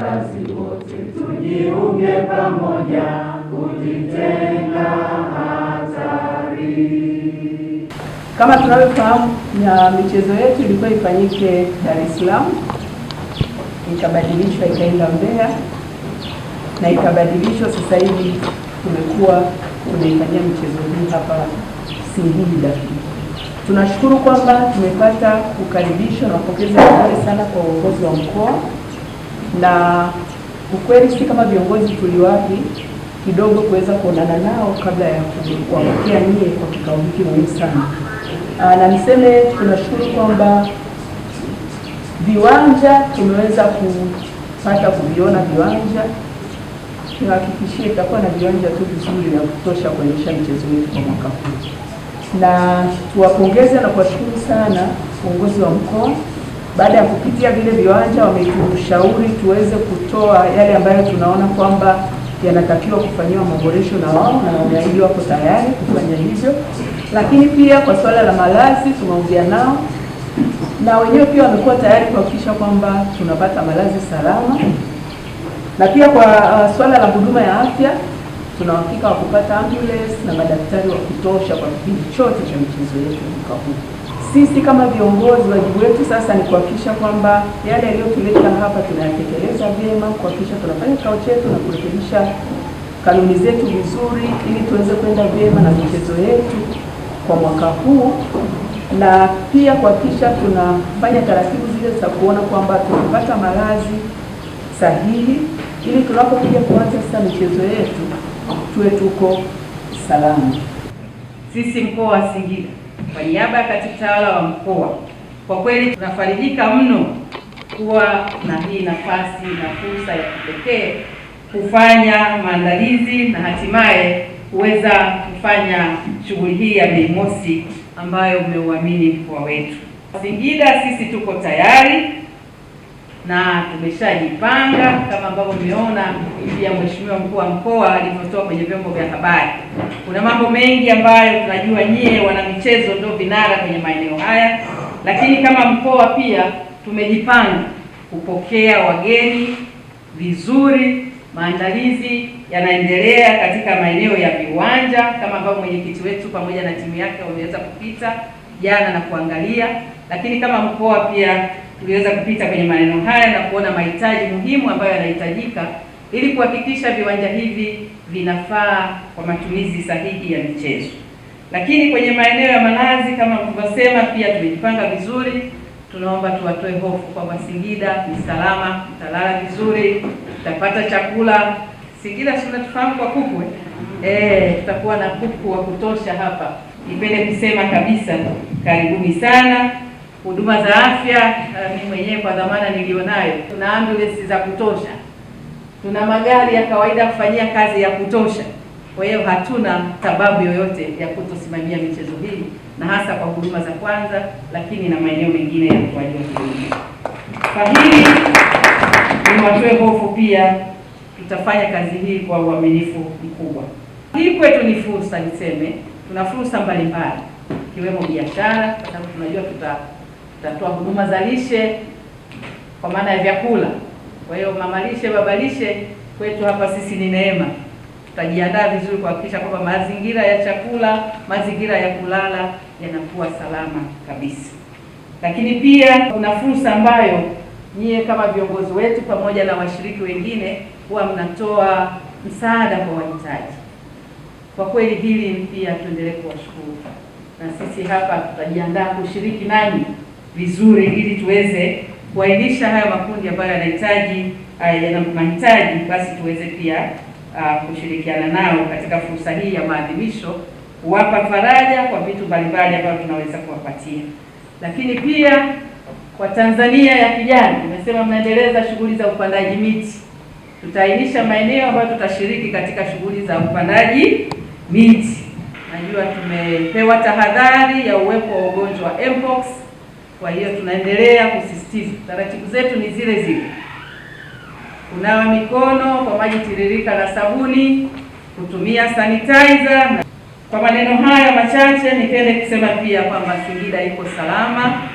kazi wote tujiunge pamoja kujitenga hatari. Kama tunavyofahamu na michezo yetu ilikuwa ifanyike Dar es Salaam, ikabadilishwa ikaenda Mbeya na ikabadilishwa, sasa hivi tumekuwa tunaifanyia michezo hii hapa Singida. Tunashukuru kwamba tumepata kukaribishwa na kupokeza vizuri sana kwa uongozi wa mkoa na ukweli sisi kama viongozi tuliwapi kidogo kuweza kuonana nao kabla ya kuwapokea nyie kwa kikao hiki muhimu sana. Ah, na niseme tunashukuru kwamba viwanja tumeweza kupata kuviona viwanja, tunahakikishia itakuwa na viwanja tu vizuri vya kutosha kuendesha mchezo wetu kwa mwaka huu, na tuwapongeze na kuwashukuru sana uongozi wa mkoa baada ya kupitia vile viwanja, wametushauri tuweze kutoa yale ambayo tunaona kwamba yanatakiwa kufanyiwa maboresho na wao, na wameahidi wako tayari kufanya hivyo. Lakini pia kwa suala la malazi tumeongea nao, na wenyewe pia wamekuwa tayari kuhakikisha kwamba tunapata malazi salama, na pia kwa uh, suala la huduma ya afya tuna uhakika wa kupata ambulance na madaktari wa kutosha kwa kipindi chote cha michezo yetu mwaka huu. Sisi kama viongozi, wajibu wetu sasa ni kuhakikisha kwamba yale yaliyotuleta hapa tunayatekeleza vyema, kuhakikisha tunafanya kikao chetu na kurekebisha kanuni zetu vizuri, ili tuweze kwenda vyema na michezo yetu kwa mwaka huu, na pia kuhakikisha tunafanya taratibu zile za kuona kwamba tunapata malazi sahihi, ili tunapokuja kuanza sasa michezo yetu tuwe tuko salama. Sisi mkoa wa Singida kwa niaba ya katibu tawala wa mkoa, kwa kweli tunafarijika mno kuwa na hii nafasi na fursa ya kipekee kufanya maandalizi na hatimaye kuweza kufanya shughuli hii ya Mei Mosi ambayo umeuamini mkoa wetu Singida. Sisi tuko tayari na tumeshajipanga kama ambavyo mmeona hivi ya mheshimiwa mkuu wa mkoa alivyotoa kwenye vyombo vya habari. Kuna mambo mengi ambayo tunajua nyie wana michezo ndio vinara kwenye maeneo haya, lakini kama mkoa pia tumejipanga kupokea wageni vizuri. Maandalizi yanaendelea katika maeneo ya viwanja kama ambavyo mwenyekiti wetu pamoja na timu yake wameweza kupita jana na kuangalia, lakini kama mkoa pia tuliweza kupita kwenye maneno haya na kuona mahitaji muhimu ambayo yanahitajika ili kuhakikisha viwanja hivi vinafaa kwa matumizi sahihi ya michezo. Lakini kwenye maeneo ya malazi kama mlivyosema, pia tumejipanga vizuri. Tunaomba tuwatoe hofu kwamba Singida ni salama, mtalala vizuri, tutapata chakula. Singida si unatufahamu kwa kuku eh, tutakuwa na kuku wa kutosha hapa. Nipende kusema kabisa, karibuni sana huduma za afya. Eh, mimi mwenyewe kwa dhamana nilionayo, tuna ambulance za kutosha, tuna magari ya kawaida kufanyia kazi ya kutosha. Kwa hiyo hatuna sababu yoyote ya kutosimamia michezo hii, na hasa kwa huduma za kwanza, lakini na maeneo mengine ya utoaji wa Kwa hili niwatoe hofu pia, tutafanya kazi hii kwa uaminifu mkubwa. Hii kwetu ni fursa, niseme tuna fursa mbalimbali ikiwemo biashara, kwa sababu tunajua tuta tutatoa huduma za lishe kwa maana ya vyakula. Kwa hiyo mama lishe, baba lishe kwetu hapa sisi ni neema. Tutajiandaa vizuri kuhakikisha kwamba mazingira ya chakula, mazingira ya kulala yanakuwa salama kabisa. Lakini pia kuna fursa ambayo nyie kama viongozi wetu pamoja na washiriki wengine huwa mnatoa msaada kwa wahitaji. Kwa kweli hili pia tuendelee kuwashukuru, na sisi hapa tutajiandaa kushiriki nanyi vizuri, ili tuweze kuainisha haya makundi ambayo yanahitaji ah, yana mahitaji, basi tuweze pia uh, kushirikiana nao katika fursa hii ya maadhimisho, kuwapa faraja kwa vitu mbalimbali ambavyo tunaweza kuwapatia, lakini pia kwa Tanzania ya kijani, tumesema mnaendeleza shughuli za upandaji miti. Tutaainisha maeneo ambayo tutashiriki katika shughuli za upandaji miti. Najua tumepewa tahadhari ya uwepo wa ugonjwa wa mpox kwa hiyo tunaendelea kusisitiza taratibu zetu ni zile zile: kunawa mikono kwa maji tiririka na sabuni, kutumia sanitizer. Na kwa maneno haya machache, nipende kusema pia kwamba Singida iko salama.